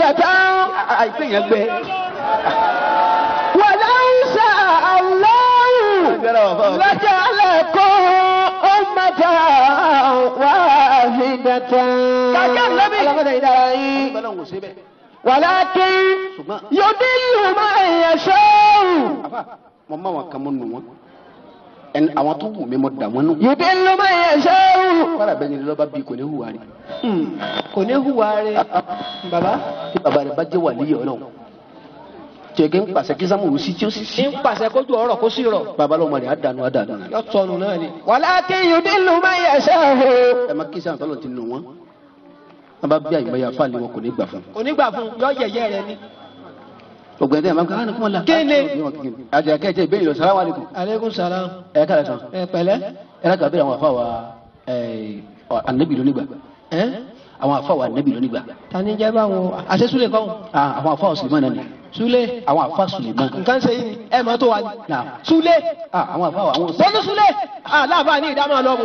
dàtà àìsè yẹn gbẹ. wàlá ìṣà aláwù lọ́jà lẹ́kọ́ ọmọdé wà hídàtà. kàkà lóbi alamọdé yìí dára yìí. wàlákin yóò dín lùmọ̀ ẹ̀yẹ ṣẹ́wù. mo máa wà kàmú nù wọn ẹni àwọn tó wù mí mo dà wọ́n nù. yòtí ló máa yẹ ṣááwù. fara bẹ́ẹ̀ ni lọ́ba bíi kò ní hùwà rẹ̀. Hmm, kò ní hùwà rẹ̀ baba. tí baba rẹ̀ bá jẹ́ wà níyì ọlọ́run tẹ̀gẹ́ ń pàṣẹ kí sámú òsì tí ó sì sí. ń pàṣẹ kójú ọ̀rọ̀ kó sí rọ̀. baba lọ́mọ rẹ̀ á dànù á dànù. yọ tọnu náà ni. wàlákì yòtí ló máa yẹ ṣááwù. ẹ má kí sáà tọ́lọ̀ ti nù wọ́n. baba bí àyùmáyà fáàlì wọn kò ògbẹ́ni ẹ̀ máa ń kọ́ àwọn ọmọlá. kéne. àjẹ́ kẹ́jẹ́ ìbéèrè lọ salamu aleykum. aleykum salam. ẹ ká lè sọ. ẹ pẹ̀lẹ́. ẹ láti àbẹ̀rẹ̀ àwọn àfáwà anabi lónìgbà. àwọn àfáwà anabi lónìgbà. tani jẹ́ bá wọn àṣẹ súlẹ̀ kọ́. àwọn àfáwà sùlẹ̀mán náà ni. súlẹ̀. àwọn àfáà sùlẹ̀mán. nǹkan ṣe yìí ẹ máa tó wa ni. súlẹ̀. àwọn àfáwà àwọn. wọ́n ní súlẹ̀. aláàbá ní ìdámọ̀ lọ́mù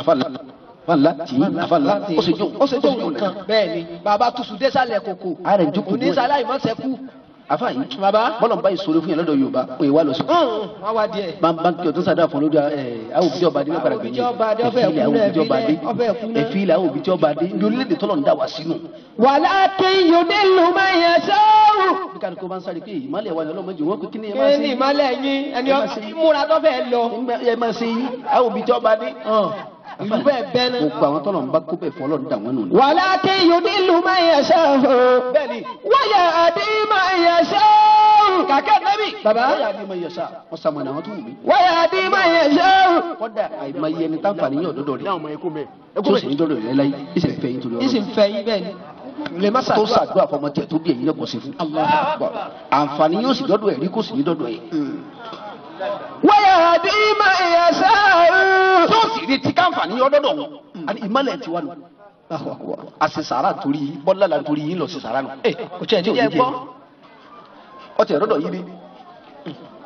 àfàlà àfàlà tì í àfàlà ó sì jó ó sì jó nǹkan. bẹ́ẹ̀ni bàbá tusu afa yi baba bọlọ ba yi sori fún yẹn lọ́dọ̀ Yorùbá o ye wa lọ sọn banban kí o tó sada fún lóda ẹ awo bijọ bade ne fara gbẹ̀yìn efili awo bijọ bade efili awo bijọ bade yorùbá de tọlọ ń da wa sínú. wàlá kí yorùbá lùmọ̀ yẹn sọ́ọ́ kálukú bá ń sáré pé ìmọ̀lẹ̀ wa lọ́lọ́ mọ́jú wọn kò kí ni ẹ máa ṣe. kí ni ìmọ̀lẹ̀ yín ẹni múra tó fẹ́ lọ. ẹ máa ṣe yín àwọn òbí jọba ní. ìlú bẹ́ẹ̀ bẹ́ẹ̀ náà. gbogbo àwọn tọ́lọ̀ ń bá kó bẹ́ẹ̀ fún ọlọ́run dà wọ́n wàlá tí yóò ìlú máa yẹ ṣe o. bẹ́ẹ̀ni wáyà àdé máa yẹ ṣe o. kàkẹ́ nẹ́bí. bàbá wáyà àdé máa yẹ ṣe tó ṣàdúrà fọmọdé tó bí ẹ̀yin náà kò sí fún àǹfààní yóò sì dọ́dọ̀ ẹ̀ rí kò sì ní dọ́dọ̀ ẹ̀. wáyà àdé ìmọ̀ ẹ̀yà sáà. tó sì rí tí káǹfààní yọ dọ́dọ̀ wọn hmm. ìmọ̀lẹ̀ ti wà lọ a ṣe sàrà torí bọ́lá la torí yín lọ ṣe sàrà nù. ẹ eh, o tiẹ̀ ní òye jẹ́ ọtí ẹ̀rọ dọ̀ yí ni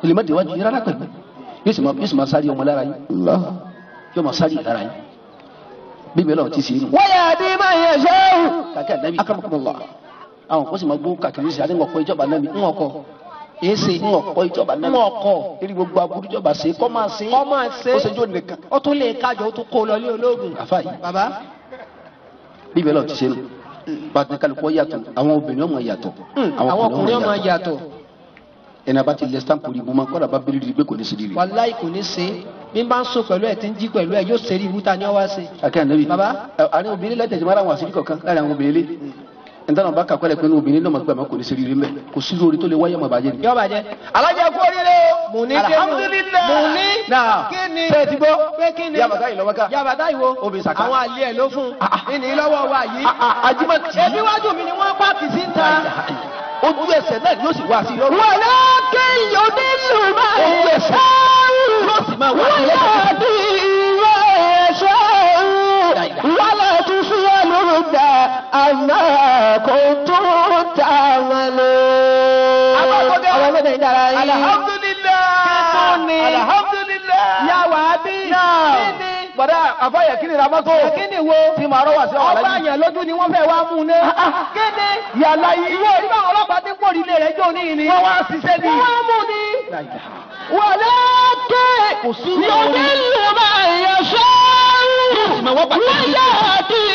olè má déwájú yín rárá pẹ̀lú yóò sì máa sáré ọmọ lára yín yóò máa sáré lára yín bíbélì náà ti ṣe é nù. wọ́n yà á dín máa yẹ ṣẹ́wù. kàkẹ́ ànábì akọ́mọkọ́mọ wà àwọn kò sì máa gbó kàkiri sí àti ńkọ̀kọ́ ìjọba ànábì ńkọ̀kọ́ èsì ńkọ̀kọ́ ìjọba ànábì ńkọ̀kọ́ eré gbogbo aburú ìjọba ṣe kọ́ máa ṣe kọ́ máa ṣe ó ṣe jó nìkan. ó tún lè kájọ ó tún kó lọ lé olóògùn. àfa yìí baba bíbélì náà ti ṣe é nù pàtàkì kálukú yàtọ̀ àwọn obìnrin ọmọ yàtọ̀ hmm, àwọn ọkùnrin ọmọ yàtọ̀ ẹnaba ti lẹ stamp ri mo ma kọ́ da bá bẹ́ẹ̀ rí pé kò ní sèdí rí. wàláyé kò ní ṣe bí n ń so pẹ̀lú ẹ̀ tí ń jí pẹ̀lú ẹ̀ yóò sẹ́rí ìwúta ni ọ wá ṣe. akẹ́yìn baba àárín obìnrin lẹ́tẹ̀ jẹ́ mara àwọn àṣírí kọ̀ọ̀kan láàrin àwọn obìnrin lé ntana ọba kakọ lẹ pé ní obìnrin náà mọ̀ pé àmọ́ kò ní sẹ́rí rí mẹ́ kò sí lórí tó lè wáyé ọmọ bàjẹ́ ni. yọ bàjẹ́ alájà kú oríire o. mùní mùní kíni bẹ́ẹ̀ ti gbọ́ pé kíni yabata ojú ẹsẹ̀ náà ni yóò sì wá sí lọ́rùn. wọ́n lọ kí onílù máa ń ṣe ṣe yóò sì ìwé ẹ̀ṣọ́ wọ́n tún sí ẹlòmídà àmọ́ kò tún tà wọ́n lé. àwọn ọmọdé dára yìí. alhamdulilayi. kí ni. alhamdulilayi. yà bí. náà. kí bàdá àfáyà kí ni ra mọ́tò. kí ni wo tí màá rọ́wà sí ọ̀la yìí. ọba àyàn lójú ni wọ́n fẹ́ wá mú un ná. Ah, ah, ah. kéde yàrá yìí. ìwé ìgbà ọlọ́pàá ti pòrí ilé rẹ̀ jọ ní ìní. wọ́n wá ṣiṣẹ́ ni. wọ́n wá mú ni. wàlẹ́ ké yọ̀dí lè máa yẹ sọ́ọ́rù. wọ́n yà á dì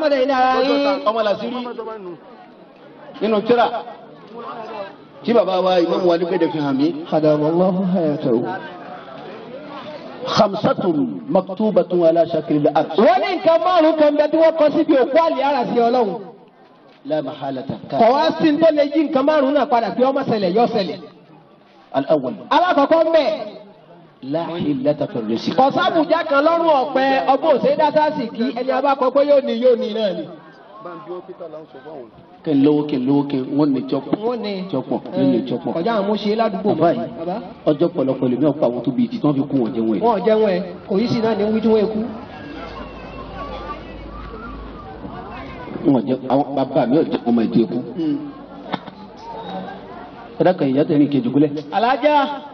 ọmọdé yìí dára yín ọmọlàsírí nínú tíra tí bàbá wa imam wa nígbèdè fi hàn mí. hadamallahu hayatahu. khamsatun maktubatun ala shakil al-arsh. wọ́n ní nǹkan márùn-ún kan bẹ́ẹ̀ tí wọ́n kọ síbi òkú àlè sí ọlọ́run. la mahalata. kọ̀wá sí ní tó lè yí nǹkan márùn-ún náà padà pé ọmọ ṣẹlẹ̀ yọ ṣẹlẹ̀. alákọ̀ọ́kọ́ mbẹ́ láàyè látàkọ̀ lè sí. kọ̀sáàbùjá kan lọ́rùn ọ̀pẹ ọgbọ́n òsè dáta sì kí ẹni abákọ pé yóò ní yóò ní náà ni. kí n lówó kí n lówó kí n ní jọpọ̀ jọpọ̀ ní ní jọpọ̀. kọjá eh, àwọn mọ̀ṣẹ́ ládùúgbò mọ́ bàbá. ọjọ́ pọ̀lọpọ̀ lèmi ọ̀pọ̀ àwọn tó bí ìdí tí wọ́n fi kún wọn jẹun ẹ̀. wọ́n jẹun ẹ̀ kò yí sí náà ní wíjú wọn kú. wọ́n jẹ àwọn bàbá mi ò jẹ ọmọ ìdí ẹ̀kú. Hmm. ẹ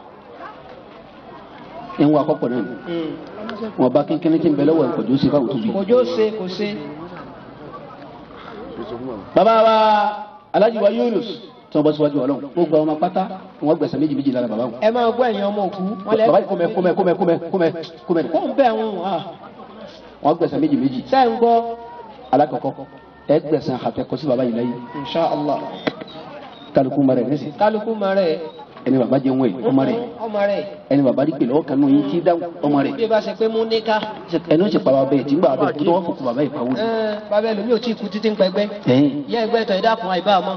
ẹ̀ ń wá akọ́pọ̀ náà ni hmm. wọn bá kínkínní tí ń bẹ lọ́wọ́ ẹ̀ kọjú sí fáwọn tó bí. kọjú ṣe kò ṣe. bàbá wa Alhaji wa Yunus tí wọn bọ síwájú Ọlọ́run wọn gba ọmọ pátá wọn gbẹsẹ méjì méjì lára bàbá wọn. ẹ máa gbọ́ ẹ̀yin ọmọ òkú. bàbá yìí kúmẹ kúmẹ kúmẹ kúmẹ kúmẹ kúmẹ. kó ń bẹ wọn wà. wọn gbẹsẹ méjì méjì. sẹ́ ń gbọ́. alakọ̀kọ́ ẹ gbẹ̀sẹ̀ àtẹ̀kọ́ sí bàbá yìí lẹ́yìn. Insha kálukú mara ẹ̀ nísì. kálukú mara ẹ̀ ẹni bàbá jẹun ẹ ọmọ rẹ ẹni bàbá rí pèlè ọkàn nù yín tí dáhùn ọmọ rẹ. bí bá ṣe pé mú ní ká. ẹni ó ṣe pa bàbá ẹ tí ń gbà bàbá ẹ kó tó wọn kó kó bàbá ẹ pawó. bàbá ẹlòmíì ò tí ì kú títí ń pẹgbẹ. yẹ ẹgbẹ́ tọ̀ ẹ̀dá fún àìbá ọmọ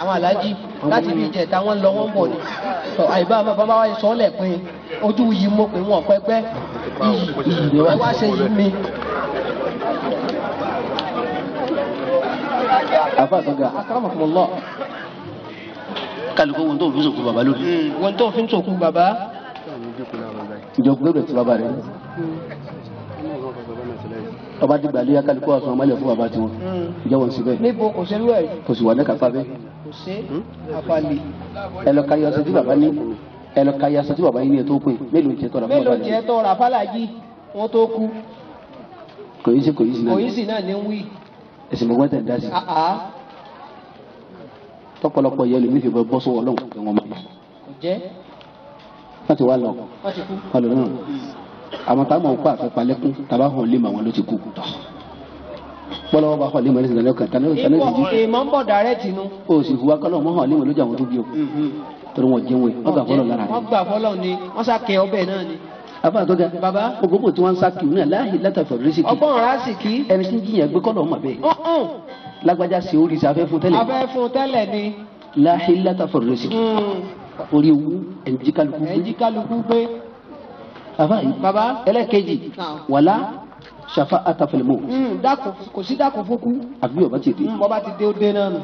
àwọn aláàjì láti bí ìjẹta wọn lọ wọn bọ̀ ni. àìbá bàbá wa sọ ọ́ lẹ̀ ojú yìí mo pè wọn pẹpẹ iyì ẹ wá ṣe kálukó wọn tó fi sòkú bàbá lónìí. wọn hmm, tó fi sòkú bàbá. ìjọba bẹ̀rẹ̀ ti bàbá rẹ̀ ọba dìgbà lé akálukó aṣọ ọmọlẹ fún bàbá tiwọn hmm. ìjọba ń síbẹ̀. níbo kò sí lúwẹ̀. kò sì wà ní kápá bẹ́ẹ̀. kò sí àfàlì. ẹ lọ ka yọsọ tí ní ẹ lọ ka yọsọ tí bàbá yín ní mélòó jẹ tọrọ fún bàbá yín. mélòó jẹ tọrọ àfàlàjì wọn tó kú. kòyìísí kòyìísí náà ni wí. ẹ̀sìn mọ̀gbọ́n tẹ̀ ń dá ah, ah tọpọlọpọ yẹlò mi fi bọ bọ sọwọ lọhùn kí wọn máa lọ. ọjẹ. wọn ti wá lọ. wọn ti kú. wọn lọ náà àwọn táwọn máa ń kó àfẹpalẹkùn tàbá hàn lé màwọn ló ti kú. bọ́lọ́wọ́ bá hàn lé màwọn ló ti kú lọ́kàn tani ó ti jí. èèmọ̀ ń bọ̀ dàrẹ́ tìǹú. o sì wá kọ́lọ́ mọ́ hàn lé màwọn lójú àwọn tó bí o. Mhm. torí wọn jẹun wọn gbà fọlọ́ lára rẹ. wọn baba ogogo tí wọn ń sá kìí náà láàyè látàfọ̀ rẹ́sìkì ọgbọ́n rẹ́sìkì ẹni tí ń jiyàn gbé kọ́lọ́ ọmọ bẹ́ẹ̀ lágbájá sí orí sí afẹ́ fún tẹ́lẹ̀. afẹ́ fún tẹ́lẹ̀ ni. láhìlá tàfọ̀rọ̀ lọ sí i. orí ewu ẹ̀jíkálukú gbé. ẹ̀jíkálukú gbé. bàbá yìí bàbá ẹlẹ́kẹ̀jì ah. wàlá ṣàfà àtàfẹ̀lẹ̀mọ́. Hmm, kò sí dàkún fún kú. àbí ọba ti dé. Hmm, bọ́ba ti dé ó dé náà nù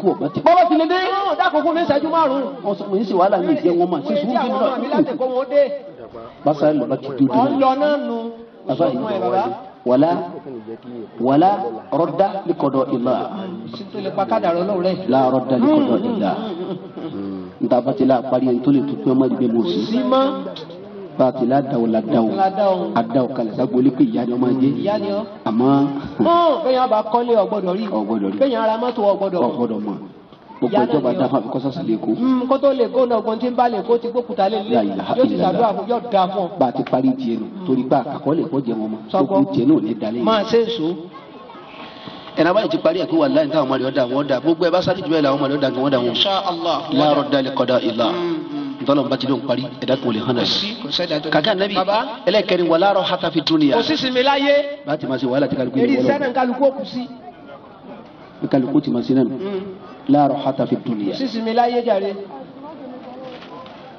kú ọba tí. bọ́lá tilẹ̀ dé. dákun fún mi ṣẹ́jú márùn-ún. mi ń ṣe wàhálà mi ìjẹ́ wọn mà ṣe sùúrù ti dúró. ọ̀n lọ náà nù. bàbá yìí lọ́la wàlá wàlá rọ́dá likọ̀dọ̀ ìlà. la rọ́dá likọ̀dọ̀ ìlà. nta batila pari n tole tukun ma de bẹ mọ si. batila daw la daw a daw kalisa gboli ko ìyá ni o ma jẹ. àmọ́. bẹ́ẹ̀ yà bá kọ́lé ọ̀gbọ́dọ̀ rí bẹ́ẹ̀ yà ara mọ́tò ọ̀gbọ́dọ̀ mọ́ gbogbo ìjọba dáfà mi kọ́sọ́sì lè kó. kótó lè kó náà gbọ́n tí ń bá lè kó gbókùtà lè lé yóò ti sàdúrà fún yóò da fún ọ. bá a ti parí tiẹ̀ nù mm. torí pé àkàkọ́ lè kọ́ jẹun ọmọ gbogbo tiẹ̀ náà lè dalẹ̀ máa ṣe é so. ẹ̀rọ abáyé ti parí ẹ̀kọ́ wà láyé táwọn ọmọdé ọ̀dà wọn dà gbogbo ẹ̀ bá sáré jùlọ làwọn ọmọdé ọ̀dà wọn dà wọn. láàárọ̀ dalẹ̀ kọ́dà ìlà ntọ́lọ́n bá ti dọ̀n parí ẹ̀dá kò lè hàn náà. kàkà nàbí ẹlẹ́kẹ̀rin wà láàárọ̀ hata fi dúnìyà. kò sí sinmi láyé. bá a ti ma se wàhálà tí kálukú yẹn wọlé. eré sẹ́nà kálukú kù sí. kálukú ti ma se náà la rahata fi dunya. sísìn mi láyé jàre.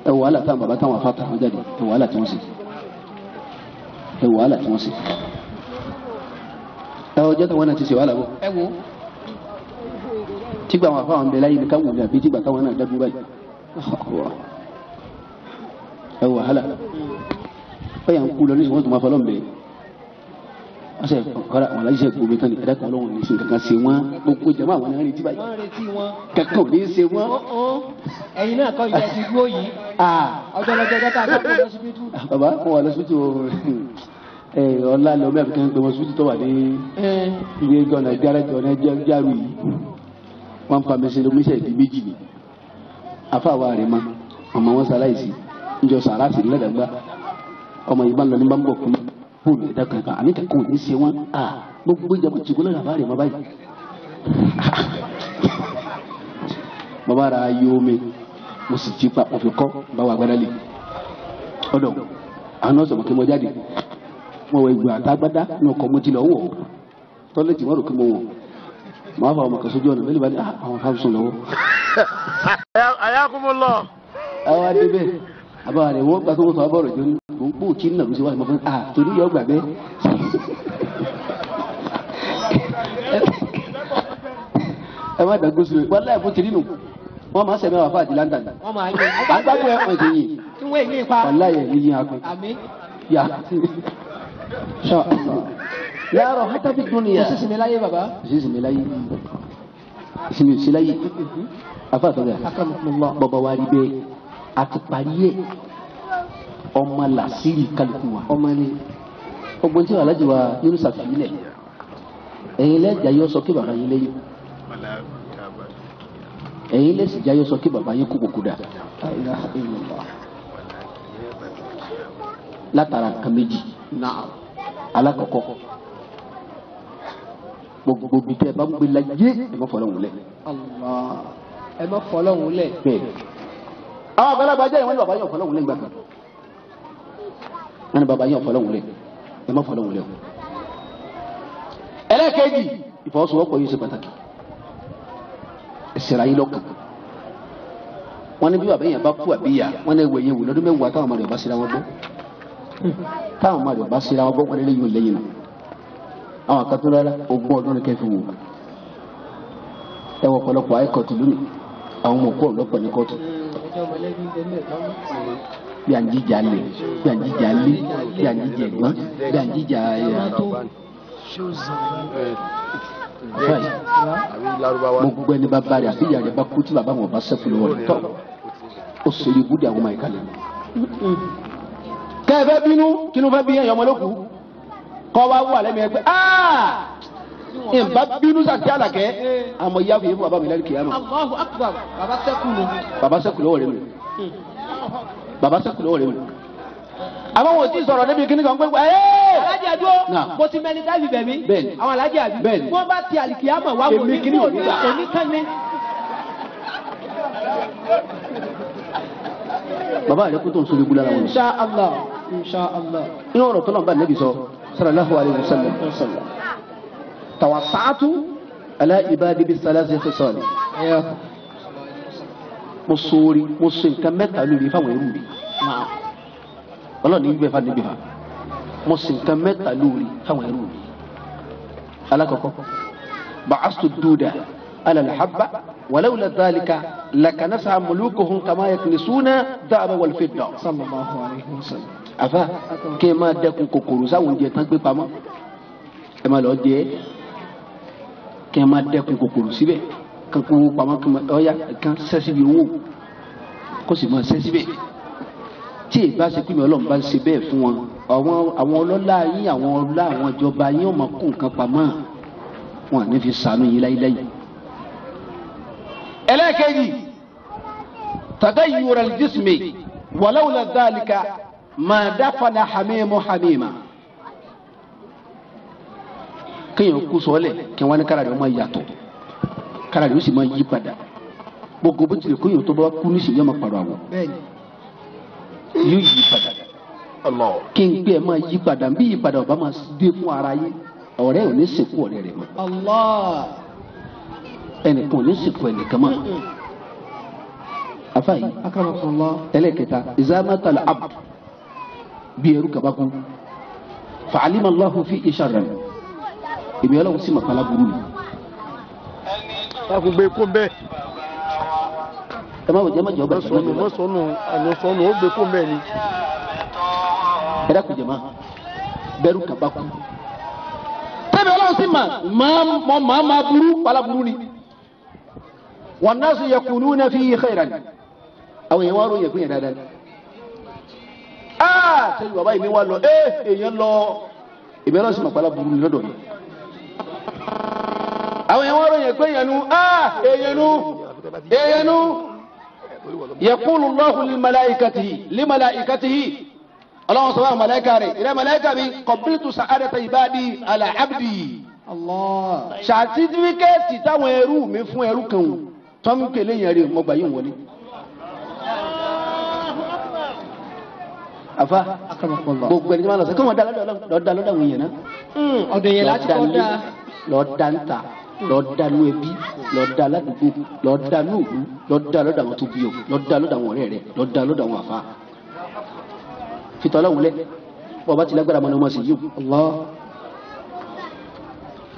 ẹ wàhálà táwọn bàbá táwọn afá tàwọn jáde ẹ wàhálà tí wọ́n sì ẹ wàhálà tí wọ́n sì. ẹ ọjọ́ tó wọn náà ti ṣe wàhálà bọ̀. ẹ wo. tígbà wọn afá wọn bẹ láyé nìkan wò ní àbí tígbà káwọn náà dábìí báyìí. ẹ wàhálà. ó hmm. kú lọ ní ìṣòwò tó máa fọlọ́ mbẹ́ wọ́n sẹ kọ́ra wọn láyé sẹ gbomi tán ni ẹ̀dá kan lọ́wọ́ ní sùn kankan se wọn gbogbo jama àwọn náà retí báyìí kankan ò ní se wọn. ẹ̀yin náà kọ́ ìjà ti gbó yìí ọjọ́lọ́jọ́ dọ́tà àgbàdo lọ́sibítù. Ah, bàbá mo wà lọ́sibítù ọ̀la lọ mẹ́rin kan gbọmọ sùn tó wà ní eh. ilé ọ̀nà gáràjì ọ̀nà járù yìí wọ́n fa mẹsẹ̀ ló mẹsẹ̀ di méjì ni afa wa rẹ̀ ma ọmọ wọn sáláìsì ń jọ sàrà sí lẹ́dàgbà ọmọ yìí bá ń lọ ní bá ń bọ̀ kún mi fóònù ẹ̀dá kankan àní kankan ò ní ṣe wọn a gbogbo ìjàmbá tìgbó lọ́dà bá rè má báyìí. bàbá rà á yọ omi mo sì jí pa òfin kọ́ báwa agbára lè ọ̀dọ̀ àná sọ̀rọ̀ kí mo jáde mo wọ ìgbà àtàgbádá ní ọkọ̀ mo ti lọ wọ̀ tọ́lẹ̀tì wọn rò kí mo wọ̀ màá fà ọmọ kan sójú ọ̀nà mẹ́lẹ̀ bá ní ah, àwọn fáwọn lọ́wọ́. àyà kún mo lọ. àwọn adébẹ̀ àbáwá rẹ̀ wọ́n gbà tó wọ́n sọ abọ́rọ̀ jọ ní mò ń pò kí nínú ìṣèwà ìmọ̀ fún ah torí yọ gbàgbé. ẹ má dàgbó sùn wọn láì fún tìrínù wọn máa sẹ̀mẹ́ wà fún àdìlá ń dàgbà. àgbàgbọ́ ẹ̀ ọ̀dẹ̀ yìí wàláyé yìí akọ. yà sọ yàrá hata fi dun yà. sisi mi la ye baba. sisi mi la ye sisi mi ye afa sọ yà bọbọ wa ri bẹ́ẹ̀ a ti parí yẹ ọmọ làṣírí kálukú wa ọmọ ni ọgbọ́n tí alájì wa yorùsà fìlẹ̀ ẹ̀yin lẹ́jà yọ sọ kí bàbá yín lẹ́yìn ẹ̀yin lẹ́sì jà yọ sọ kí bàbá yín kú kòkó dà látara nǹkan méjì alákọ̀ọ́kọ́ gbogbo bi tẹ bá ń gbé lajé ẹ má fọlọ́hún lẹ. ẹ má fọlọ́hún lẹ. bẹ́ẹ̀ àwọn àgbàlagbà jẹ́ ìwọ́n ní bàbá yẹn ọ̀fọ̀lọ́hùn lé gbàgbà wọ́n ní bàbá yẹn ọ̀fọ̀lọ́hùn lé ẹ má fọlọ́hùn lé o. ẹlẹ́kẹ̀ẹ́jì ìfọwọ́sowọ́pọ̀ yìí ṣe pàtàkì ẹ̀sìn ayé lọ́kàn wọ́n bí bàbá yẹn bá kú yẹn wò lọ́dún mẹ́wàá táwọn wọn táwọn wọn lẹ́yìn àwọn bí à ń jíjà lè bí à ń jíjà lé bí à ń jíjà ẹ̀gbọ́n bí eh, mo gbogbo ẹni bá bá rẹ àbí ìyá rẹ bá kú tí bàbá wọn bá sẹ́kù lọ́wọ́ rẹ tọ́ ó ṣe ibú di àwọn ọmọ ìkàlẹ̀ kẹ́ ẹ fẹ́ bínú kí ló fẹ́ bí ẹ̀yọ́ kọ́ wa wà lẹ́mìí ẹgbẹ́ ah! n ba bínú san tí ala kɛ a ma y'a fɔ i ye baba mi lali kiyama. baba sɛkulo. baba sɛkulo o de mi. baba sɛkulo o de mi. a ma wo ti sọ̀rọ̀ ne bi kini kan ko ɛɛ. alajà jo mo ti mɛ ni dábì bɛ mi. bẹ́ẹ̀ni àwọn bi. bẹ́ẹ̀ni b'a ti alikiyama wa wo ni kini o ni kan ne. baba yɛrɛ ko t'o sobi bula la wolo. insha allah insha allah. n y'o yɔrɔ tɔlɔ ba nabi sɔ sallallahu alaihi wa sallam. توسعت على عبادي بالثلاثة خصال أيوة. مصوري مصين كمت على لي فوي نعم والله نيبي فاني بها مصين كمت على لي فوي رومي على كوكو بعثت الدودة على الحبة ولولا ذلك لكنسع ملوكهم كما يكنسون الذهب والفضة صلى الله عليه وسلم أفا كما دكو كوكوروزا ونجي تنكبي بما كما لو kí wọn máa dẹ́kun kòkòrò síbẹ̀ kankan wọn pamọ́ kí wọn ọyà kan sẹsibí owó kó sì máa sẹsibẹ tí èyí bá ṣe pé mi Ọlọ́run bá ń ṣe bẹ́ẹ̀ fún wọn àwọn àwọn ọlọ́lá yín àwọn ọlá àwọn ìjọba yín ọmọ kó nǹkan pamọ́ wọn ní fi sànú yín láyéláyé. ẹlẹ́kẹ̀jì tàdáyìí wọ̀rọ̀ jísìmì wàlẹ́wọ̀lẹ́ dáàlìkà máa dáfà ní hàmímù hàmímà kéèyàn kú sọ́ọ́lẹ̀ kí wọ́n ní kára rẹ̀ máa yàtọ̀ kára rẹ̀ ó sì máa yí padà gbogbo bó tilẹ̀ kéèyàn tó bá kú ní ìsìnyẹ́ máa pàrọ̀ àwọ̀ yóò yí padà kí n gbé ẹ máa yí padà bí yí padà ọba máa dé fún ara yé ọ̀rẹ́ ò ní sìnkú ọ̀rẹ́ rẹ̀ mọ́ ẹnìkan ò ní sìnkú ẹnìkan mọ́ afayi ẹlẹ́kẹta ìzámátàlá abd bí ẹrú kabakú fàálímà lọ́hùn fi ìṣàrẹ̀ èmi ọlọ́run sì mọ̀ pálá burú mi. takùn gbé kó bẹ́ẹ̀. ẹ má wòjẹ́ mọ̀jọ́ bàjẹ́ mọ̀jọ́ bàjẹ́. mọ̀sọ̀nù àlọ́sọ̀nù ó gbé kó bẹ́ẹ̀ ni. ẹ dákun jẹ̀ máa bẹ́rù kaba kú. tẹ́lẹ̀ ọlọ́run sì mà mọ́ màá máa burú pálá burú ni. wan nasu yakununa fihi khairan àwọn èèyàn wá ròyìn ẹ̀gbìn yẹn dáadáa ah, ṣe bàbá yìí ni wà lọ ẹ eh, èèyàn lọ ìbẹ́rẹ̀ ọ̀sìn màpàlà burú ni lọ́dọ̀ yìí àwọn èèyàn wọn ròyìn pé èèyàn nu èèyàn nu èèyàn nu yẹkulu lọ́hùn limalayikatihi limalayikatihi ọlọ́run sọ fún àwọn malayika rẹ̀ ìrẹ́ malayika mi kọ̀mpútù sàádẹ́ta ìbáàdì àlà abdi. sàtífíkẹ́ẹ̀tì táwọn ẹrú mi fún ẹrú kan wò tọ́mú kele yẹn rè mọ́gbà yìí wọlé. àfa gbogbo ẹni tí wọn lọ sọ kí wọn da lọ́dọ̀ lọ́dọ̀ àwọn yẹn náà. Hmm, ọ̀dọ̀ yẹn lọ da nu ẹbí lọ da aládùúgbò lọ da nu òwú lọ da lọ́dọ̀ àwọn tó bí ọ lọ rẹ lọ da lọ́dọ̀ àwọn àfa wulẹ bọba ti lágbára mọ ni ọmọ sì yíw ọlọ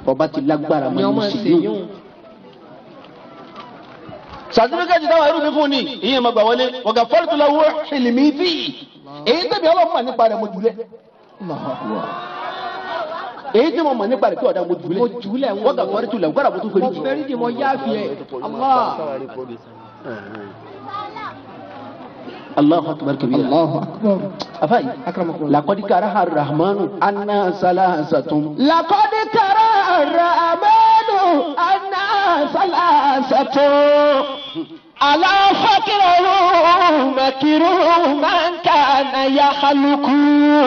bọba ti lágbára mọ ni ọmọ sì yíw. táwọn ẹrú mi fún ni ìyẹn ma gbà wọlé ọ̀gá fọ́lùtù la wọ́ bíi èyí tẹ̀bi ọlọ́mọ nípa rẹ̀ mọ̀ jùlẹ̀ èyí tí mo mọ̀ nípa rẹ̀ kí ọ̀dà mo jùlẹ̀ mo jùlẹ̀ wọ́n gà fọ́rí tulẹ̀ gbọ́dọ̀ mo tún fẹ́rí jù. mo fẹ́rí jù mo yá fi ẹ̀ salasatun. Lakodi kara arrahmanu salasatun. على فكره مكروا من كان يخلق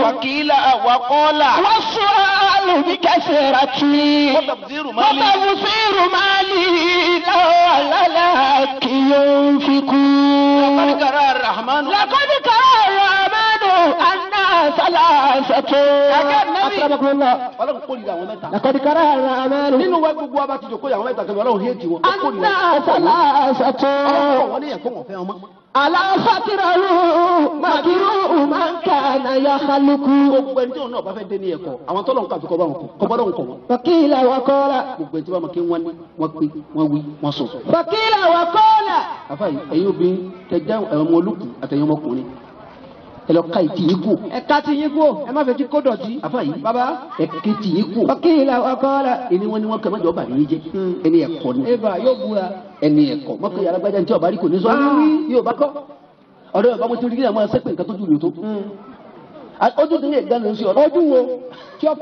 وكيلا وقولا والسؤال بكثرة وتبذير مالي وتبذير مالي لولا لك ينفقون لقد كرى الرحمن لقد كرى aláṣàtò. Àgbà nàbí. Akọ́dàkùnrin náà. Ọlọ́run kò nira àwọn mẹ́ta. Lakọ́dí kára ara mẹ́rin. Nínú wa gbogbo wa bá ti jòkó àwọn mẹ́ta kan Ọlọ́run yé ti wọ́n. Aláṣàtò. Ọlọ́run wọlé yẹn kó wọ́n fẹ́ ọmọ. Aláṣàtìrọ̀rù Màkìrú Màkà Nàyà Kálukú. Gbogbo ẹni tí òun náà bá fẹ́ dé ní ẹ̀kọ́, àwọn tọ́lọ̀ nǹkan àfikọ́ bá wọn kọ́, kọ́ bọ́dọ̀ nǹkan wọn. Fakila wa kọ́la. Gbogbo ẹni tí wọ́n máa kí wọ́n ní, wọ́n pé, wọ́n wí, wọ́n sọ. Fakila wa kọ́la. Àfáà yìí, ẹ̀yin obìnrin tẹ dáhùn ẹ̀rọ ọmọ olùkù àtẹ̀yìn ọmọkùnrin ẹ lọ ka ìtì yín kù. ẹ ka ti yín kù ẹ má fẹ́ ti kó dọ̀tí. àfa yìí baba ẹ kí ti yín kù. ọkì la ọkọ la. ẹni wọn hmm. ni wọn kẹ mọ jọ bàbá yín jẹ ẹni ẹ kọ ni. eba yóò búra. ẹni ẹ kọ mọkàn yàrá gbájà ntí ọba rí kò ní sọ yóò bá kọ. ọ̀dọ́ yóò bá mo torí kí ni àwọn sẹ́pẹ̀ nǹkan tó dùn tó. Hmm. ojú tó ní ẹ̀gbẹ́ ló ń sọ. ojú wo kí ọ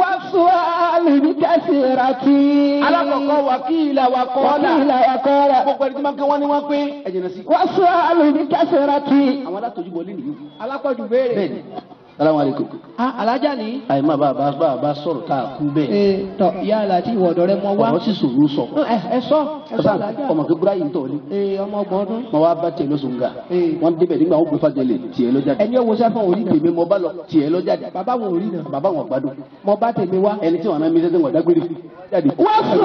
wàsúwàl bí kẹsìrà kí. alákọ̀ọ́kọ́ wa kí ilà wa kọ́ọ̀là. kí ilà wa kọ́ọ̀là. gbogbo ẹni tí máa ń kẹ́ wọ́n ní wọ́n pé ẹ̀jẹ̀ náà sí. wàsúwàl bí salamu aleykum. ah alaja ni. ayi ma b'a b'a b'a b'a k'a ku bẹ́ẹ̀. ee eh, tọ yala ti wọ dọrẹ mọ wa. ọ̀rọ̀ si sòwò sọ. Eh, ẹ ẹ sọ ẹ alaja. ọmọ kí bura yìí tọ̀lé. ee eh, ọmọ gbọdun. mọ wa ba tiẹ̀ lọsùn nga. ee wọn débẹ̀ nígbà wọn gbẹfa délé tiẹ̀ lọjà dé. ẹni wo sẹfọn ori na. tèmi ba lọ tiẹ̀ lọjà dé. baba wọn ori na. baba wọn gbádùn. mọ ba tèmi wa. ẹni tí wọn náà mi sẹsẹ wọn dágbére. wasu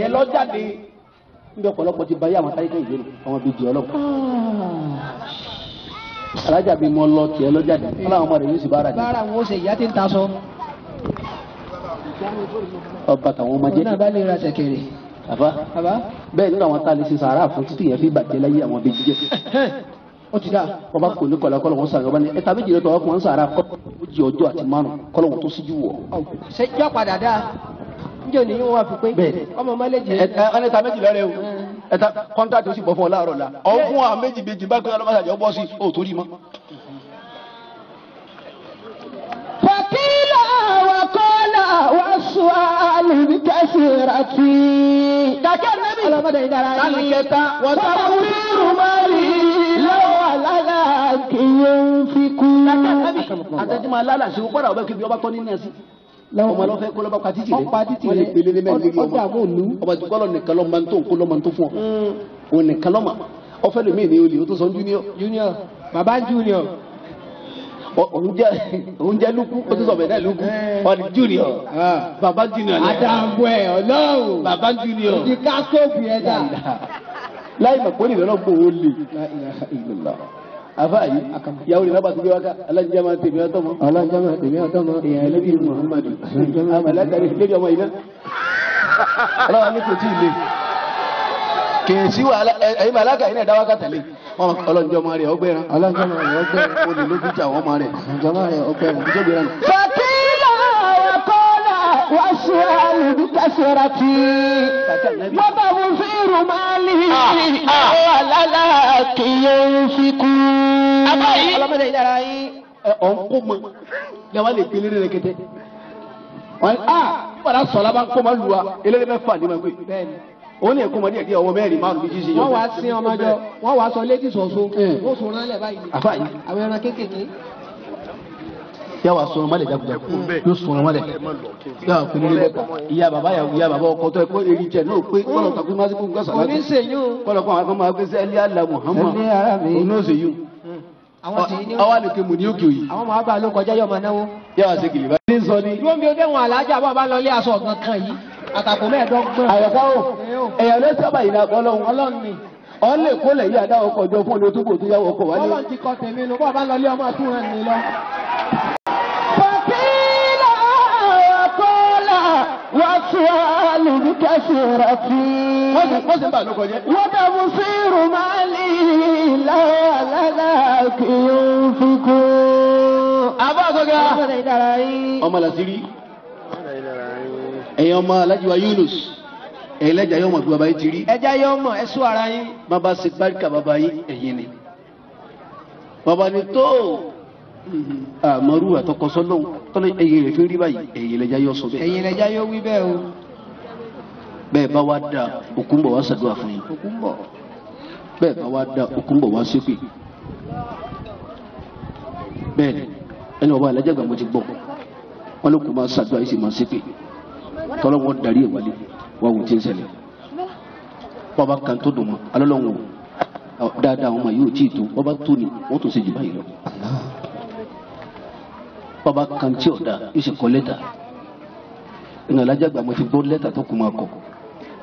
ẹlò mi níbi ọ̀pọ̀lọpọ̀ ti bayé àwọn táyíkẹ́ ìlú àwọn bíi jẹ́ ọlọ́run. Ah. alájà bíi mo lọ tiẹ̀ lọ́jàdì fúláwọn ọmọ rẹ̀ yóò sì bára jẹ. bára wọn ó ṣe ìyá tí ń ta sọ. ọba tàwọn ọmọ jẹ́ kí. ọ̀nà bá lè ra ṣẹ̀kẹ̀rẹ̀ àbá bẹ́ẹ̀ nínú àwọn táàlì ṣe sàárà fún títí yẹn fi bàjẹ́ láyé àwọn bíi jíjẹ. ó ti dá ọba kò ní kọlọ kọlọ wọn sàrẹ ọba ní ẹta méjì níjọ́ ni yín wọ́n wá fi pé ọmọ mọ́lẹ́jì. ẹnìta méjì lọ́rẹ́ o ẹ̀ta kọ́ńtàtì ó sì bọ́ fún ọ láàárọ̀ la ọ̀gbun àwọn méjì méjì bá gbéra lọ́mọ́sàjì ọ bọ́ sí o torí mọ́. fàkìlà wà kọ́là wà sùn àlùbí kẹsìrà tì. dàkẹ́ nẹ́bí ọlọ́mọdé ìdára yìí. lánàá kẹta wọ́n sọ fún mi rùmọ́lì kìí ń fi kú. dàkẹ́ nẹ́bí àtẹ̀tí máa lálàsí ó gbọ́dọ̀ ọ̀bẹ lọ́wọ́ ọmọ lọ́fẹ́ kólọ́ba ọkọ̀ àtìtì rẹ̀ ọkọ̀ àtìtì rẹ̀ pèlè ní mẹ́rin lérí ọmọ ọmọ tí kọ́lọ̀ nìkan lọ́mọ tó ń kó lọ́mọ tó fún ọ hmm. òun nìkan lọ́mọ ọfẹ́ lómi ní olè ó tó sọ junior. junior baba junior. òun jẹ́ lukú ó tó sọ bẹ̀rẹ̀ lukú ọ̀dì eh. junior ah. baba junior. àdàbò ẹ̀ ọlọ́run baba junior. ìdí ká sóògùn ẹ̀ dà. láì mọ̀ pé ó nì àfáàyí yàwó ìlànà àtúgbé wákà alájàmà tèmi ọtọmọ. alájàmà tèmi ọtọmọ èèyàn ẹlẹ́bí muhammadu. àmàlàkàrí lórí ọmọ iná. ọlọ́wà ní kò tí ì le. kì í sí wàhálà ẹ̀yin màláka yìí náà dá wákà tẹ̀lé. ọlọ́njọ́ ọmọ rẹ̀ ọgbẹ́ rán. alájàmà rẹ̀ ọgbẹ́ rán. olè ló dújà àwọn ọmọ rẹ̀. alájàmà rẹ̀ ọgbẹ́ rán. fàkìlà ọ̀kọ́lá wàṣẹ́ àlùbí yunfiru mali alala kì yunfiku. abayi ọlọmọdé yìí dára yín ọ̀ mọ lẹ́wọ̀n lè gbélé rẹ̀ kẹ́tẹ́ wọn a bíbara sọlá bá ń lu wa eléré bẹ fà ní ma gbé òun yẹ kó ma díẹ̀ ọwọ́ mẹ́rin márùn méjì sí yọ. wọn wá sin ọmọjọ wọn wá sọ ya yàwó asọ̀rọ̀ mọ́lẹ̀ jagunjagun yóò ya, mọ́lẹ̀ yàwó pé nílé lẹ́ka ìyá bàbá ìyá bàbá ọkọ tó ẹ kó eri jẹ náà pé kọlọ tàbí masiku nǹkan sàlá tó kọlọ kọ àwọn akọmọ akẹsẹ ẹlẹ ala muhammad ọ̀nà ọ̀sẹ̀ yìí awa ni kemu ni oge oyi. àwọn máa bá a ló kọjá yọmọ náwó. yàwó ṣe kìlì báyìí. ní sọ ni. dúró mi ò dé wọn alájà bá a bá lọ ilé aṣọ ọ̀gán kan yìí àtàkùn mẹ́ẹ̀ẹ́dọ́gbọ̀n. àyọ̀ká o èèyàn ló sábà yìí náà ọlọ́run. ọlọ́run ni ọlẹ kọlẹ yìí àdáwọ kọjọ fún ọdún tó kò tó yàwọ ọkọ wálé. ọlọ́run ti kọ tèmi lọ bọ́ọ̀ bá lọ lé ọmọ àtúnrán mi lọ. حسرتي وتبصير مالي لا لذاك ينفك àbáàgọ́gá ọmọ làzírí ẹ̀yin ọmọ alájí wa Yunus ẹ̀yin lẹ́jà yọmọ bí baba yín ti rí. ẹja yọmọ ẹsùn ara yín. bàbá ṣe gbáríkà bàbá yín ẹ̀yin ni. bàbá ni tó àmọ́rú àtọkọsọ́nà tọ́lá ẹ̀yin rẹ̀ fi ń rí báyìí ẹ̀yin lẹ́jà yọ sọ bẹ́ẹ̀. ẹ̀yin lẹ́jà yọ wí bẹ́ẹ̀ o bẹ́ẹ̀ bá wá da òkú ń bọ̀ wá ṣàdúrà fún yín bẹ́ẹ̀ bá wá da òkú ń bọ̀ wá ṣépè bẹ́ẹ̀ ni ẹni wọ́n bá alájà gbà mo ti gbọ́ wọn ló kó máa ṣàdúrà yìí sì máa ṣépè tọ́lọ́ wọn darí ẹ̀ wálé wọn ò tí ń ṣẹlẹ̀ bàbá kan tó dùn mọ́ alọ́lọ́wọ́ dáadáa wọn yóò tí ì tó bàbá tó ni wọ́n tó ṣe jù báyìí lọ bàbá kan tí ò dáa yóò ṣe kọ́ lẹ́tà ìnáwó alájà mo ti gbọ́ lẹ́tà tó kù máa kọ̀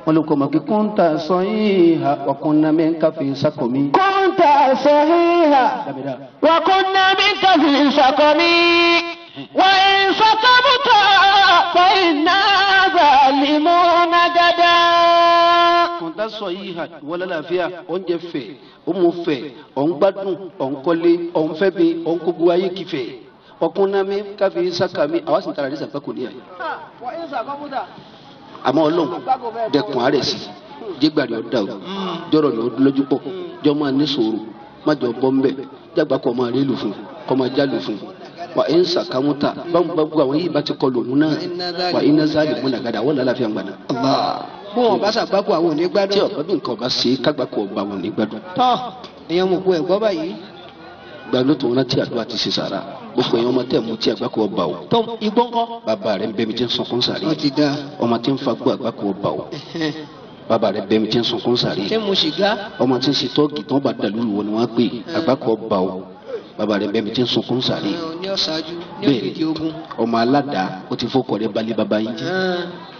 wọn ló kọ mọ kí kúńtà sọ yìí ha ọkùnrin náà mi ń káfí sákòmí. kúńtà sọ yìí ha ọkùnrin náà mi ń káfí sákòmí. wọ́n ń sọ́kàbùtà pé iná zàlímù nàgàdà. kúńtà sọ yìí ha wọlé làáfíà oúnjẹ fẹ òun fẹ òun àmọ́ ọlọ́run dẹkùn àárẹ̀ sí jẹgbàre ọdà o jọrọ ni ó lójú pọ jọ máa ní sòrò má jọ bọ nbẹ jágbá kọ máa rí lù fún kọ máa já lù fún wa ẹ ń sàkámúta báwo bá gbogbo àwọn yìí bá ti kọ lòun náà wa ẹ ní záàlì múnà gàdá wọn lálẹ́ àfihàn gbàdá. bó wọn bá sàgbákò àwọn ò ní gbádùn. tí ọba bí nǹkan ọba ṣe kágbákò ọba wọn ò ní gbádùn. tọ́ ẹ̀yàn mọ̀ pé ẹ̀gbọ́ báyìí. gbàdúrà tó wọn náà ti àdúrà ti ṣe sàrà gbogbo yẹn ọmọ tẹ mu tí àgbákò ọba o. tó igbó ńkọ́. bàbá rẹ ń bẹ mi tí ń sunkún sàrí. ó ti da. ọmọ tí ń fagbó àgbákò ọba o. bàbá rẹ bẹ mi tí ń sunkún sàrí. tí mo sì ọmọ tí ń ṣe tọ́ọ̀gì bá dàlú ìwọ ni wọ́n á pè ọba o bàbá rẹ̀ bẹ́ẹ̀ bí tí ń sunkún sàrí. bẹ́ẹ̀ ọmọ aládàá ó ti fọkọ rẹ̀ balẹ̀ bàbá yín jẹ́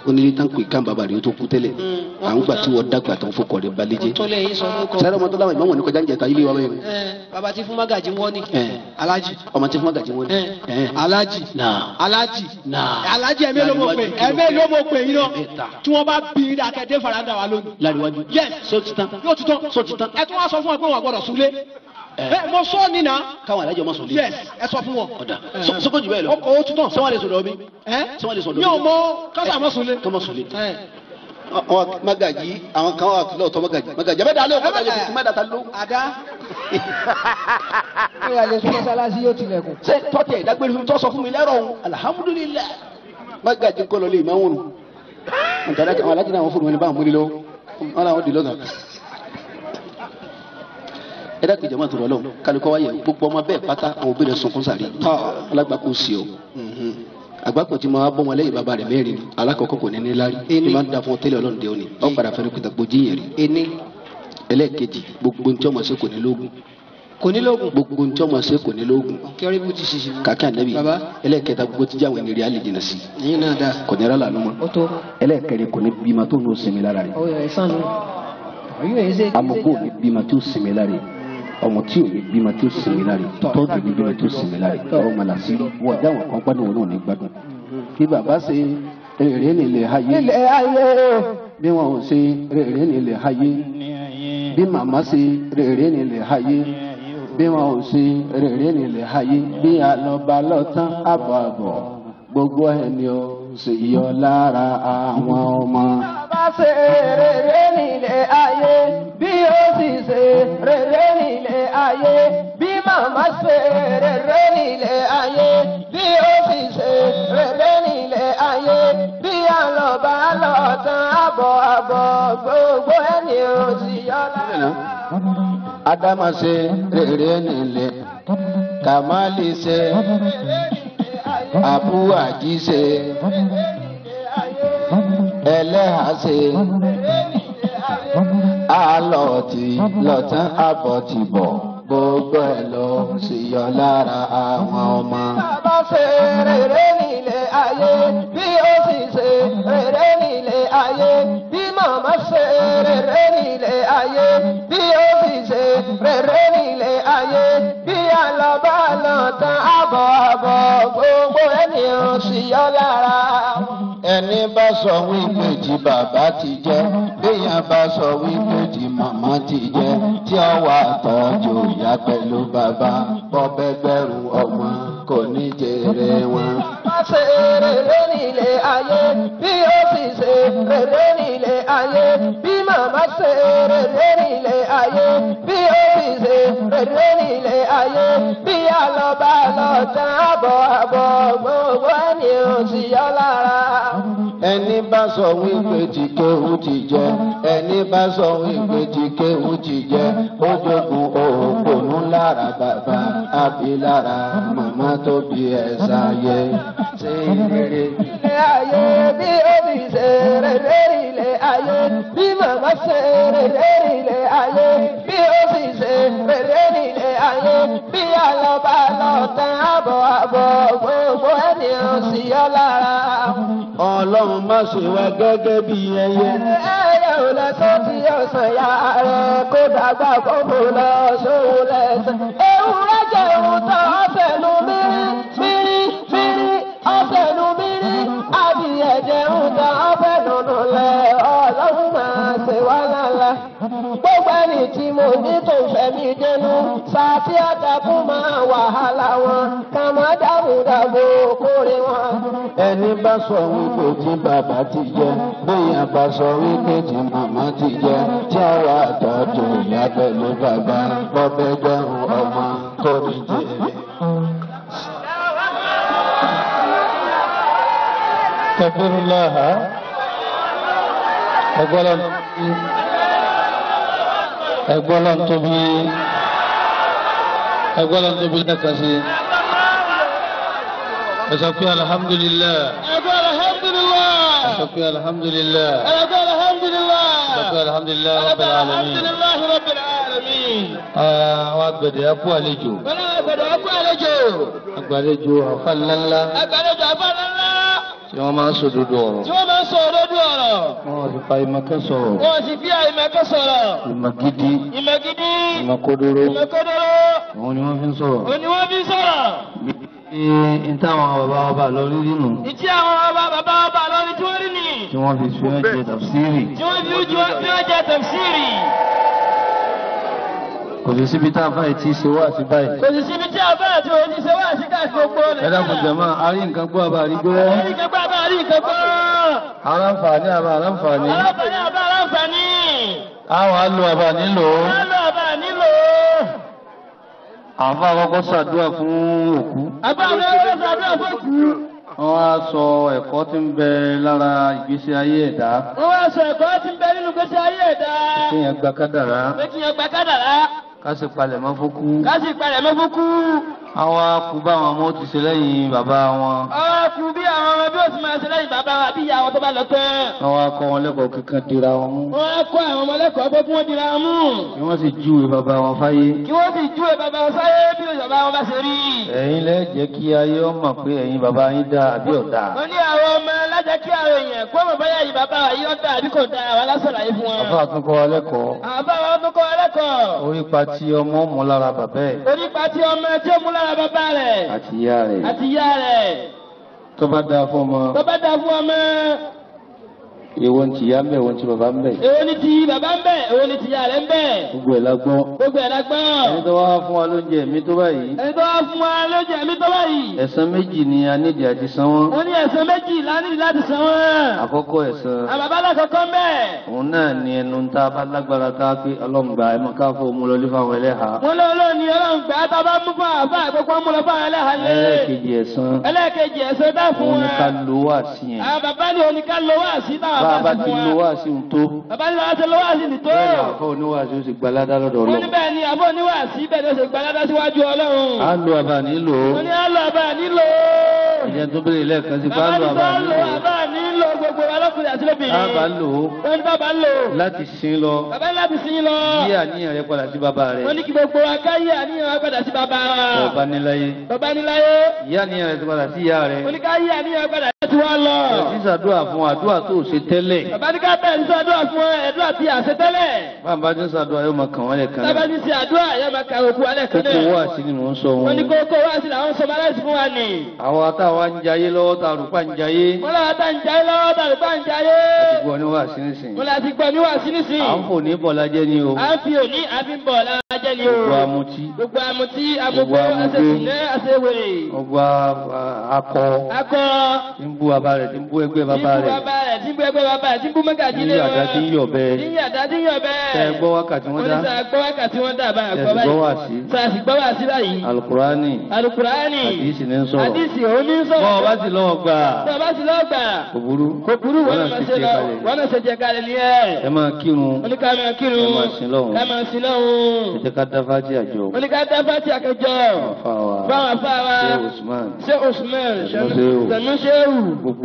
ó ní tán pé kán bàbá rẹ̀ ó tó kú tẹ́lẹ̀ à ń gbà tí wọ́n dàgbà tó fọkọ rẹ̀ balẹ̀ jẹ́. sáré ọmọ tó dáhùn ìbáwọn ní kọjá ń jẹta ilé wa bẹ́ẹ̀. bàbá tí fún magaji wọ́n ni alájì. ọmọ tí fún magaji wọ́n ni alájì alájì alájì ẹ̀mẹ́ ló mọ̀ pé ẹ̀mẹ́ ló mọ̀ pé yín náà tí wọ́n bá bí i dàkẹ́ dé faranda wa lónìí. láríwájú yẹ sọ ti tán yóò ti tán ẹ tún wá sọ fún wa pé wà gbọ́dọ̀ ẹ eh. eh, mọ sọ ni na. káwọn alájọ ma sọ lé. yes ẹ sọ fún wọn. ọ̀dà eh. sọ́kò jù bẹ́ẹ̀ lọ. ọkọ̀ o tutọ̀. sẹ́wọ́n lè sọ lọ́ọ́ mi. sẹ́wọ́n lè sọ lọ́ọ́ mi. mi ò mọ kásá ma sọ lé. kọ́ ma sọ lé. àwọn magaji àwọn kan wà lọ́wọ́ tọ́ magaji magaji abẹ́dà alẹ́ òkúta yẹn kìí má dàtà ló. àdá ní alẹ́ sọ mọ́sálásí yóò tilẹ̀kùn. ṣé tọ́tẹ̀ ìdágbére fún mi tọ́ sọ fún mi lẹ́rọ̀ o alihamudulilayi magaji kọlọ lè má wọnù. ntàdá àwọn alájẹ náà wọ́n fún mi ní bá àwọn múlẹ̀ ẹ dàgbé jama tó lọ kálukọ wáyé gbogbo ọmọ bẹ́ẹ̀ pátá àwọn òbí rẹ sunkún sàrí tọ alágbàkú sí o mm-hmm. àgbàkùn tí máa bọ́ wọn lẹ́yìn bàbá rẹ̀ mẹ́rin alákọ̀ọ́kọ́ kò ní ní lárí ní máa ń da fún tẹ́lẹ̀ ọlọ́run dé òní ọ̀ padà fẹ́rẹ́ kùtà gbòjì yẹn rí. ẹni ẹlẹ́ẹ̀kejì gbogbo ntí ọmọ ṣe kò ní lóògùn. kò ní lóògùn. gbogbo ntí ọmọ ṣe kò ní lóògùn. kẹrẹ bí ti ṣiṣẹ. kàkẹ́ ànábì ẹlẹ́ẹ̀kẹta gbogbo ti jáwé ní rí alẹ́ jìnnà sí. kò ní rálá kò ní ọmọ tí ò ní bímọ tí ó sinmi láre tọ́jú ní bímọ tí ó sinmi láre ọ̀rọ̀ màlà sí wọ́n dáwọn kan gbádùn wọn náà ní gbádùn bí bàbá ṣe rèrè nílẹ̀ ayé bí wọn ò ṣe rèrè nílẹ̀ ayé bí màmá ṣe rèrè nílẹ̀ ayé bí wọn ò ṣe rèrè nílẹ̀ ayé bí alọ́ba lọ́tán àbọ̀ gbogbo ẹni ó ṣèyọ lára àwọn ọmọ. bàbá ṣe é. ṣe rere nílé ayé bí ó sì ṣe rere nílé ayé bí a lọ tán àbọ̀ àbọ̀ gbogbo ẹni ò sì yọlá. Adama ṣe rere nílé Kamali ṣe Abuwaji ṣe Ẹlẹ́hà ṣe alọ̀tì lọ́tàn abọ̀tìbọ̀ gbogbo ẹ̀ ló ń ṣèyọ lára àwọn ọmọ. bàbá ṣe rere nílé ayé bí ó sì ṣe rere nílé ayé bí màmá ṣe rere nílé ayé bí ó sì ṣe rere nílé ayé bí àlọ́ bá lọ tán àbọ̀ àbọ̀ gbogbo ènìyàn ṣèyọ lára ẹni bá sọ wípé tí bàbá ti jẹ béèyàn bá sọ wípé tí màmá ti jẹ tí ọwọ́ àtọ́jú ìyá pẹ̀lú bàbá bọ́bẹ́gbẹ́rù ọmọ kò ní jèrè wọn. má ṣe rere nílé ayé bí ó sì ṣe rere nílé ayé bí màmá ṣe rere nílé ayé bí ó sì ṣe rere nílé ayé bí àlọ́ bá lọ tán àbọ̀ ẹni bá sọ wípé ti kéwú ti jẹ ẹni bá sọ wípé ti kéwú ti jẹ ó jogun òkòlù lára bàbá abilára màmá tó bí ẹ sáyé ṣe rere. ilé ayé bí omi ṣe rẹ̀ lérí ilé ayé bí màmá ṣe rẹ̀ lérí ilé ayé bí ó sì ṣe rẹ̀ lérí ilé ayé bí àlọ́ bá lọ tán àbọ̀ àbọ̀ gbogbo ènìyàn sì yọ lára ọlọ́run má ṣe wá gẹ́gẹ́ bí ẹyẹ. ẹyẹ ò lẹ́sẹ̀ tí ọ̀sán ya rẹ̀ kó dàgbà kókò lọ sóhun lẹ́sẹ̀. ewúrẹ́ jẹ́ ohun tán ọ̀sẹ̀ nu mírí mírí mírí ọ̀sẹ̀ nu mírí adìyẹ jẹ́ ohun tán ọ̀fẹ́ dùnú lẹ̀ ọlọ́run má ṣe wá lálá. gbogbo ẹni tí mo ní tó fẹ́ mi dénú sàtí àtàkùn máa wàhálà wọn. bá sọ wípé tí bàbá ti jẹ bóyá bá sọ wípé tí màmá ti jẹ tí àwa àtọ́jú ìyá pẹ̀lú bàbá bọ́bẹ́ gbẹ̀rún ọmọ tó ní jèrè. Kabirulaha ẹgbọ́lọ́n tóbi ẹgbọ́lọ́n tóbi lẹ́ka sí. Ẹ̀sọ́ pé alhamdulillah. تقول الحمد لله أنا أقول الحمد لله تقول الحمد لله رب العالمين الحمد لله رب العالمين àwọn agbẹ̀dẹ̀ kú àlejò. wọ́n agbẹ̀dẹ̀ kú àlejò. agbàlejò àfàlẹ́lá. agbàlejò àfàlẹ́lá. tí wọ́n máa ń sọ òdodo ọ̀rọ̀. tí wọ́n máa ń sọ òdodo ọ̀rọ̀. wọ́n ti fa ìmọ̀kẹ́ sọ̀rọ̀. wọ́n ti fi àìmọ̀kẹ́ sọ̀rọ̀. ìmọ̀ gidi. ìmọ̀ gidi. ìmọ̀ kodoro. ìmọ̀ kodoro. òun ni wọ́n fi ń sọ̀rọ̀. òun ni wọ́n fi ń sọ̀rọ̀. ìtí àwọn bàbá bàbá lọ rí nínú. ìtí àwọn bàbá bàbá sórí ni. tí wọ́n fi sí ọjọ́ tafsiri. tí wọ́n fi ojú ọjọ́ tafsiri. kò sí síbi tá a bá ti ṣe wá sí báyìí. kò sí síbi tí a bá ti wọ́n ti ṣe wá sí káàkiri gbogbo rẹ̀. ẹ dákun jẹ̀mọ́ àárí nǹkan gbọ́ àbá àrí gbọ́. àárí nǹkan gbọ́ àbá àrí nǹkan gbọ́. aláǹfààní àbá aláǹfààní. aláǹfààní àbá aláǹfààní. àwọn àlò àbá nílò. àlò àbá nílò àfa àkọ́kọ́ ṣàdúrà fún òkú. àbá àkọ́kọ́ ṣàdúrà fún òkú wọ́n wá sọ ẹ̀kọ́ tí ń bẹ lára ìgbésí ayé ẹ̀dá. wọ́n wá sọ ẹ̀kọ́ tí ń bẹ nínú ìgbésí ayé ẹ̀dá. kéèyàn gba kádàrá. kéèyàn gba kádàrá. ká sì palẹ̀mọ́ fún kú. ká sì palẹ̀mọ́ fún kú. àwọn akú bá àwọn ti ṣe lẹ́yìn bàbá wọn. àwọn yóò sì máa ṣe lẹ́yìn bàbá wa bí ìyá wọn tó bá lọ tán. àwọn akọ wọn lẹ́kọ̀ọ́ kankan dira wọn mú. wọn á kọ àwọn ọmọ lẹ́kọ̀ọ́ pé kí wọn dira wọn mú. kí wọn sì júwe bàbá wọn fáyé. kí wọn sì júwe bàbá wọn fáyé bí bàbá wọn bá ṣe rí. ẹ̀yin lẹ jẹ́ kí ayé ọ mọ̀ pé ẹ̀yin bàbá yín dá àbí ọ̀dà. mo ní àwọn ọmọ alájẹ kí àwọn èèyàn kó tọ́ba dáa fún ọmọ. tọ́ba dáa fún ọmọ èwo ni tìyá ń bẹ èwo ni ti bàbá ń bẹ. èwo ni ti bàbá ń bẹ èwo ni tìyá rẹ ń bẹ. gbogbo ẹ̀ la gbọ́. gbogbo ẹ̀ la gbọ́. ẹni tó wá fún wa lóúnjẹ mi tó báyìí. ẹni tó wá fún wa lóúnjẹ mi tó báyìí. ẹ̀san méjì ni a nídìí àti san wọ́n. wọ́n ní ẹ̀san méjì la nídìí láti san wọ́n. àkọ́kọ́ ẹ̀san. àbàbá lákọ̀ọ́kọ́ ń bẹ. òun náà ni ẹnu tá a bá lágbára tá a pé ọlọ́ngbà ẹ̀ máa káfọ́ mu lọ lífà wọn ẹlẹ́ha. wọ́n lọ lọ ni ọlọ́ngbà tá a bá ni ká lo wá sí yẹn bá ti lo wá sí un tó. bàbá ní bàbá ti lo wá sí ni tó. bẹ́ẹ̀ ni àbọ̀ oníwàásí ó sì gbalada lọ́dọ̀ Ọlọ́run. wọ́n ní bẹ́ẹ̀ ni àbọ̀ oníwàásí bẹ́ẹ̀ ni ó sì gbalada síwájú Ọlọ́run. a lo àbá nílò. wọ́n ní a lo àbá nílò. ìyẹn tó bẹ̀rẹ̀ lẹ́ẹ̀kan sí bá lo àbá nílò gbogbo alákùnrin àti lóbìnrin. bàbá lò ó. wọ́n ní bàbá lò. láti sin lọ. bàbá láti sin lọ. yí àníyàn rẹ padà sí bàbá rẹ. wọ́n ní kí gbogbo aká yí àníyàn àṣetẹ́lẹ̀. bàbá ní ká bẹ́ẹ̀ ń sàdúrà fún ẹ̀dúrà ti àṣetẹ́lẹ̀. bàbá ní sàdúrà yóò máa kàn wọ́n lẹ̀ kan náà. bàbá ní sàdúrà yóò máa kà òkú alẹ́ kan náà. kókó wá sí ni mò ń sọ wọn. wọ́n ní kókó wá sí làwọn sọ bàlẹ́ sí fún wa nì. àwọn àtàwọn ń jayé lọ́wọ́ ta àrùpá ń jayé. wọ́n lọ́wọ́ ta ń jayé lọ́wọ́ ta àrùpá ń jayé. àti gbọ́ ni wọ́n láti gbọ́ ni wà sí ń fò ní bọ̀lá jẹ́ ni o. à ń fi òní àfi bọ̀ lára jẹ́ ni o. gbogbo amutí. gbogbo amutí agogo asesine asewere. gbogbo akọ. akọ. ń bú bàbá rẹ̀ ń bú ẹgbẹ́ bàbá rẹ̀. ń lọ́dọ̀ bàbá àti bú mọ́gàjì lé wọn. yíyàdá tí ń yọ̀ bẹ́ẹ̀. yíyàdá tí ń yọ̀ bẹ́ẹ̀. tẹ gbọ́ wákàtí wọn dá. oníṣà gbọ́ wákàtí wọn dá bá àgbọ̀ báyìí. sàṣì gbọ́ wá sí báyìí. alukurani. alukurani. àdìsí ni ń sọ̀rọ̀. àdìsí òun ni ń sọ̀rọ̀. bọ́ọ̀ bá sì lọ gbà. bọ́ọ̀ bá sì lọ gbà. kò burú. kò burú wọn náà ṣe jẹ kalẹ̀. wọn náà ṣe jẹ kalẹ̀ ni ẹ. ẹ máa kírun. ó ní ká máa kírun. ẹ máa sin lọ́hùn. ká máa sin lọ́hùn. ẹ jẹ́ ká dá fájì àjọ. ó ní ká dá fájì àkẹjọ. fáwọn afáwa. ṣé Usman. ṣé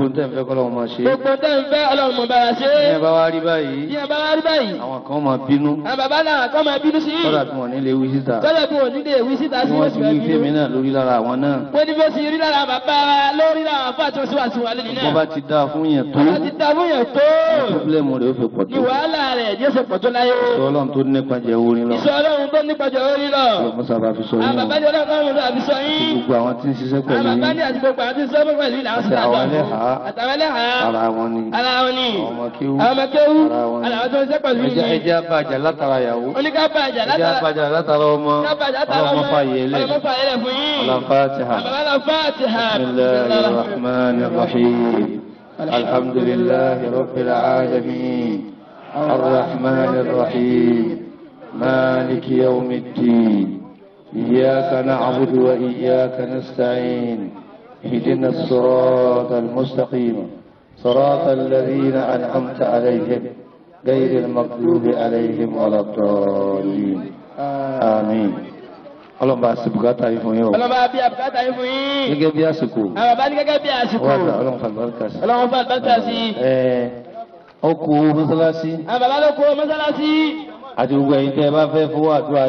Usman. ṣé ọlọ́run mọ̀ bá wa ṣe. bí ẹ bá wá rí báyìí. bí ẹ bá wá rí báyìí. àwọn kan máa bínú. àwọn bàbá náà kọ́ máa bínú sí. kọ́dà bí wọ́n nílé wí síta. kọ́dà bí wọ́n nílé wí síta sí wọ́n sì máa bínú. wọ́n ti wí fèmí náà lórí lára àwọn náà. wọ́n ní bó ti rí lára bàbá lórí lára àfa tó sì wà sí wà lẹ́yìn náà. wọ́n bá ti dáa fún yẹn tó. wọ́n ti dáa fún yẹn tó. pọ́blẹ́mù rẹ̀ ó fi pọ̀ tó. ni wàhálà rẹ̀ yóò fi pọ̀ tó láyé. ìṣọ́ ọlọ́run tó nípa jẹ orin lọ. ìṣọ́ ọlọ́run tó nípa jẹ orin lọ. ọlọ́run sábà fi sọ yín. àbàbá ni ọlọ́run náà fi sọ yín. gbogbo àwọn tí ń ṣiṣẹ́ pẹ̀lú yín. àbàbá ni àti gbogbo àwọn tí ń ṣiṣẹ́ pẹ̀lú yín làwọn sì ni amakewu alabatɔ sɛ pɛlu mi. ẹ jẹ́ abajà látara yàwó. ó ní ká bàjà látara. ẹ jẹ́ abajà látara ọmọ. ká bàjà látara ọmọ. ọlọmọ fa yẹlẹ. ọlọmọ fa yẹlẹ fún yín. alafatiha. alafatiha. bisimilahi rahman rahim. alhamdulilahi rabbil alamin. الرحمن الرحيم مالك يوم الدين إياك نعبد وإياك نستعين اهدنا الصراط المستقيم صراط الذين أنعمت عليهم غير المغضوب عليهم ولا الضالين آمين ọlọ́run bá ṣe bùkátà yìí fún yín o. ọlọ́run bá bí àbùkátà yìí fún yín. gẹ́gẹ́ bí àsìkò. àwọn bá ní gẹ́gẹ́ bí àsìkò. wọ́n gbà ọlọ́run fa àlùbáríkà sí. ọlọ́run fa àlùbáríkà sí. ẹẹ ọkọ̀ mọ́sálásí. àbàbá ló kọ́ mọ́sálásí. àti gbogbo ẹ̀yin tẹ́ ẹ bá fẹ́ fowó àdúrà.